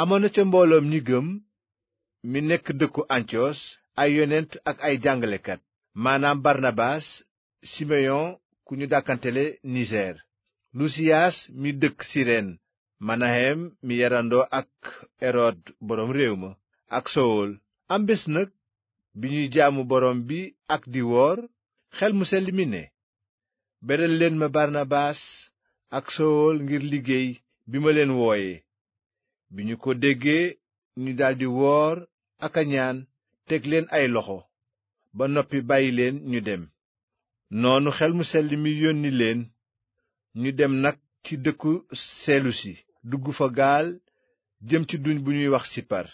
amoon na ca mbooloom ñi gëm mi nekk dëkku antiyos ay yonent ak ay jàngalekat maanaam barnabaas simeyon ku ñu dàkkantele niger lusiyaas mi dëkk sireen manahem mi yarandoo ak erod borom réew ma ak sowol am bés nag bi ñuy jaamu borom bi ak di woor xel mu sell mi ne beral ma barnabaas ak sowol ngir liggéey bi ma leen wooye bi ñu ko déggee ñu daldi woor ak a ñaan teg leen ay loxo ba noppi bàyyi leen ñu dem noonu xel mu sell mi yónni leen ñu dem nag ci dëkku selusi dugg fa gaal jëm ci duñ bu ñuy wax sipar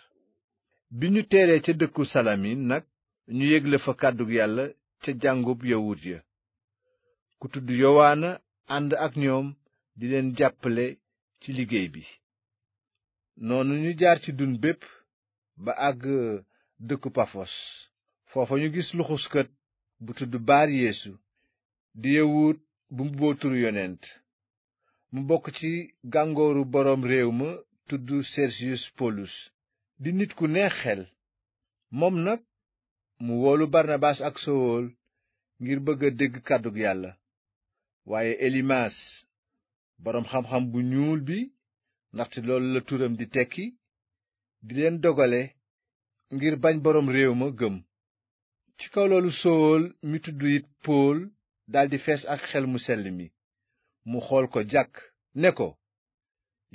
bi ñu teeree ca dëkku salamin nag ñu yégle fa kàddug yàlla ca jàngub yawut ya ku tudd yowaana ànd ak ñoom di leen jàppale ci liggéey bi noonu ñu jaar ci dun bépp ba àgg dëkku pafos foofa ñu gis luxuskat bu tudd baar yeesu di yawut bu mbubboo turu yonent mu bokk ci gàngooru boroom réew ma tudd sersiyus polus di nit ku neex xel moom nag mu woolu barnabaas ak sowool ngir bëgg dégg kàddug yàlla waaye elimaas boroom xam-xam bu ñuul bi ndaxte loolu la turam di tekki di leen dogale ngir bañ boroom réew ma gëm ci kaw loolu soowool mi tudd it pool daldi fees ak xel mu sell mi mu xool ko jàkk ne ko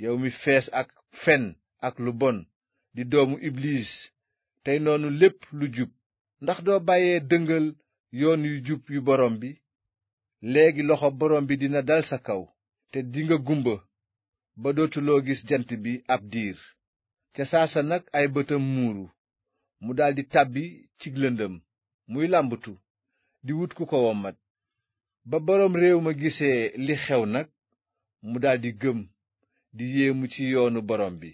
yow mi fees ak fenn ak lu bon di doomu iblis tey noonu lépp lu jub ndax doo bàyyee dëngal yoon yu jub yu borom bi léegi loxo boroom bi dina dal sa kaw te dinga gumba ba dootuloo gis jant bi ab diir ca saasa nag ay bëtam muuru mu daldi tàbbi ci lëndëm muy làmbatu di wut ku ko wommat ba boroom réew ma gisee li xew nag mu daldi gëm di yéemu ci yoonu boroom bi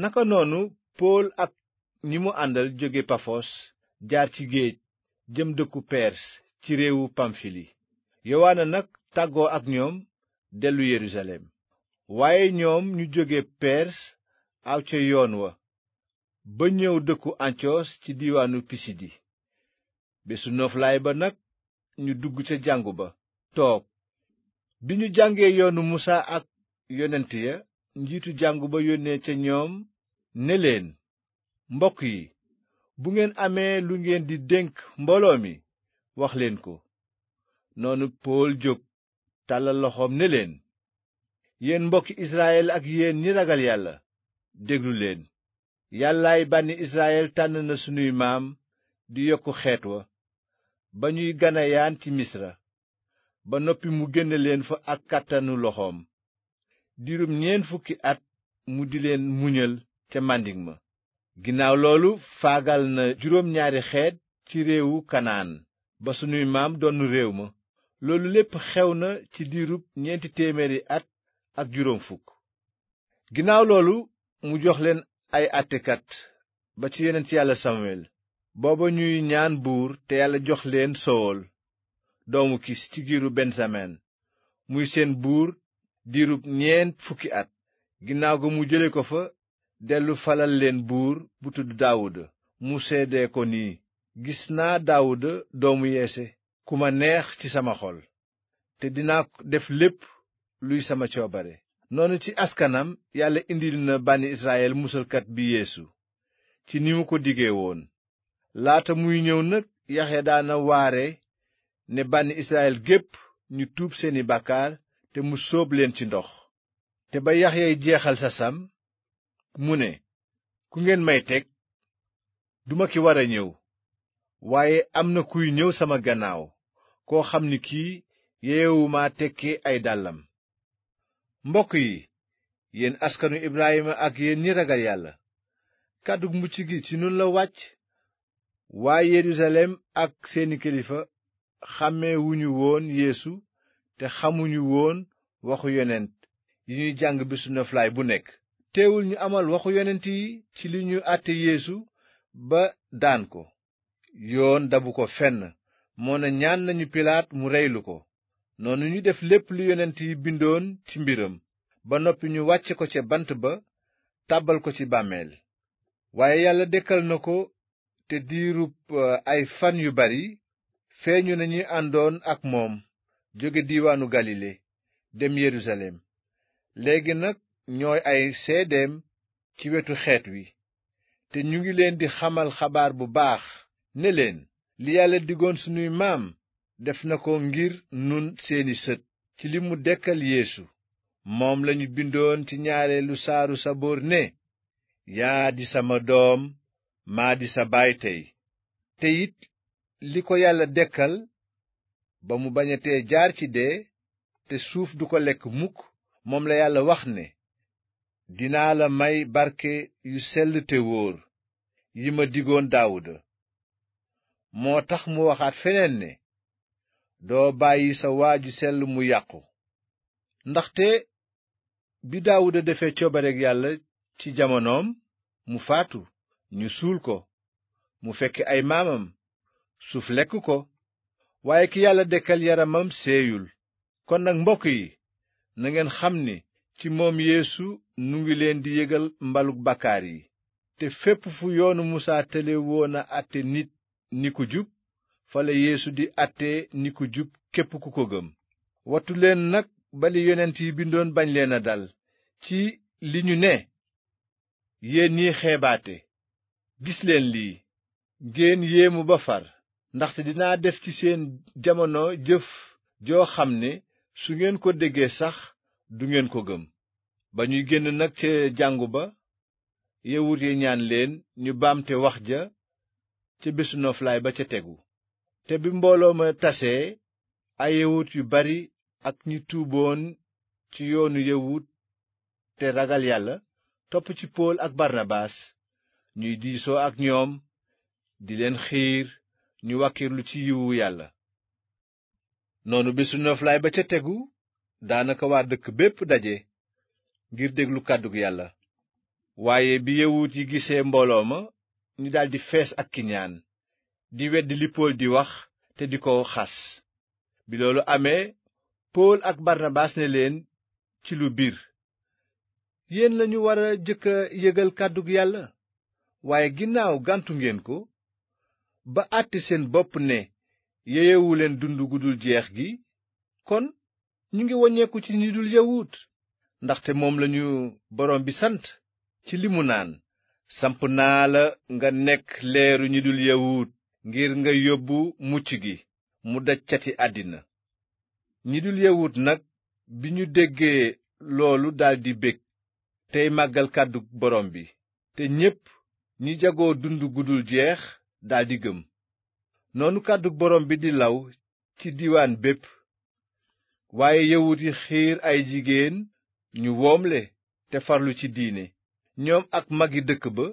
naka noonu pool ak ñi mu àndal jóge pafos jaar ci géej jëm dëkku pers ci réewu pamfili yowaana nag tàggoo ak ñoom dellu yerusalem waaye ñoom ñu jóge pers aw ca yoon wa ba ñëw dëkku antiyos ci diwaanu pisidi bésu nooflaay ba nag ñu dugg ca jàngu ba toog bi ñu jàngee yoonu musa ak yonent ya njiitu jàngu ba yónnee ca ñoom ne leen mbokk yi bu ngeen amee lu ngeen di dénk mbooloo mi wax leen ko noonu pool jóg tàllal loxoom ne leen yéen mbokki israyel ak yéen ñi ragal yàlla déglu leen yàllaay bànni israyel tànn na sunuy maam di yokku xeet wa ba ñuy ganayaan ci misra ba noppi mu génne leen fa ak kàttanu loxoom diirum ñeent fukki at mu di leen muñal ca màndik ma ginnaaw loolu faagal na juróom ñaari xeet ci réewu kanaan ba sunuy maam donn réew ma loolu lépp xew na ci diirub ñeenti téeméeri at ak juróom fukk ginnaaw loolu mu jox leen ay àttekat ba ci ci yàlla samuel booba ñuy ñaan buur te yàlla jox leen sowol doomu kis ci giiru bensamin muy seen buur diiru ñeent fukki at ginnaaw ga mu jële ko fa dellu falal leen buur bu tudd daawuda mu seede ko nii gis naa daawuda doomu yeese ku ma neex ci sama xol te dinaa def lépp luy sama coobare noonu ci askanam yàlla indil na bànni Israyil musalkat bi yéesu ci ni mu ko diggee woon laata muy ñëw nag Yaxya daana waare ne bànni Israyil gépp ñu tuub seeni bàkkaar te mu soob leen ci ndox te ba Yaxyay jeexal sasam mu ne ku ngeen may teg duma ki war a ñëw waaye am na kuy ñëw sama gannaaw koo xam ni kii yeewumaa tekki ay dàllam mbokk yi yéen askanu Ibrahima ak yéen ñi ragal yàlla kàddug mucc gi ci nun la wàcc waaye Yerusalem ak seeni kilifa xàmmewuñu woon yéesu te xamuñu woon waxu yonent yi ñuy jàng bésu noflaay bu nekk teewul ñu amal waxu yonent yi ci li ñu àtte Yeesu ba daan ko yoon dabu ko fenn moo na ñaan nañu Pilaat mu reylu ko noonu ñu def lépp lu yonent yi bindoon ci mbiram ba noppi ñu wàcc ko ca bant ba tàbbal ko ci bàmmeel waaye yàlla dëkkal na ko te diirub eh, ay fan yu bari feeñu nañuy ñi àndoon ak moom jóge diwaanu galile dem yerusalem léegi nag ñooy ay seedeem ci wetu xeet wi te ñu ngi leen di xamal xabaar bu baax ne leen li yàlla digoon sunuy maam def na ko ngir nun seeni sët ci li mu dekkal yéesu moom lañu bindoon ci ñaareelu saaru saboor ne yaa di sama doom maa di sa baay tey te li ko yàlla dekkal ba mu bañatee jaar ci dee te suuf du ko lekk mukk moom la yàlla wax ne dinaa la may barke yu sell te wóor yi ma digoon daawuda moo tax mu waxaat feneen ne doo bàyyi sa waa ju sell mu yàqu ndaxte bi daawuda defee coobareg yàlla ci jamonoom mu faatu ñu suul ko mu fekk ay maamam suuf lekk ko waaye ki yàlla dekkal yaramam seeyul kon nag mbokk yi na ngeen xam ni ci moom yeesu nu ngi leen di yëgal mbalug bakkaar yi te fépp fu yoonu musaa tële woon a àtte nit ni ku jub fa yéesu di àttee ni jub képp ku ko gëm wattu leen nag bali yonent yi bindoon bañ leen a dal ci li ñu ne yéen yi xeebaate gis leen lii ngeen yéemu ba far ndaxte dinaa def ci seen jamono jëf joo xam ne su ngeen ko déggee sax du ngeen ko gëm ba ñuy génn nag ca jàngu ba yawut yi ñaan leen ñu baamte wax ja ca bésu noflaay ba ca tegu te bi mbooloo ma tasee ay ayewut yu bari ak ñu tuuboon ci yoonu yawut te ragal yàlla topp ci pool ak barnabaas ñuy diisoo ak ñoom di leen xiir ñu wàkkirlu ci yiwu yàlla noonu bésu noflaay ba ca tegu daanaka waa dëkk bépp daje ngir déglu kàddug yàlla waaye bi yawut yi gisee mbooloo ma ñu daldi fees ak kiñaan di wedd li Pool di wax te di ko xas bi loolu amee Pool ak Barnabaas ne leen ci lu biir yéen lañu war a jëkk a yëgal kàddug yàlla waaye ginnaaw gàntu ngeen ko ba àtte seen bopp ne yeyewu leen dund gu jeex gi kon ñu ngi woññeeku ci ñi dul yawut ndaxte moom lañu borom bi sant ci li mu naan samp naa la nga nekk leeru ñi dul yawut ngir nga yóbbu mucc gi mu daj cati àddina ñi dul yawut nag bi ñu déggee loolu daldi bég tey màggal kàddu borom bi te ñépp ñi jagoo dund gudul jeex daldi gëm noonu kàddu borom bi di law ci diwaan bépp waaye yawut yi xiir ay jigéen ñu woomle te farlu ci diine ñoom ak magi dëkk ba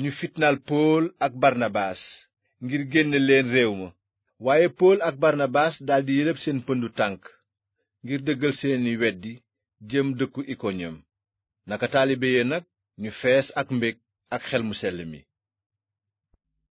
ñu fitnaal pool ak barnabaas ngir génne leen réew ma waaye pool ak barnabaas daldi yëlëb seen pëndu tànk ngir dëggal seeni weddi jëm dëkku ikoniyom naka taalibe ya nag ñu fees ak mbég ak xel mu sell mi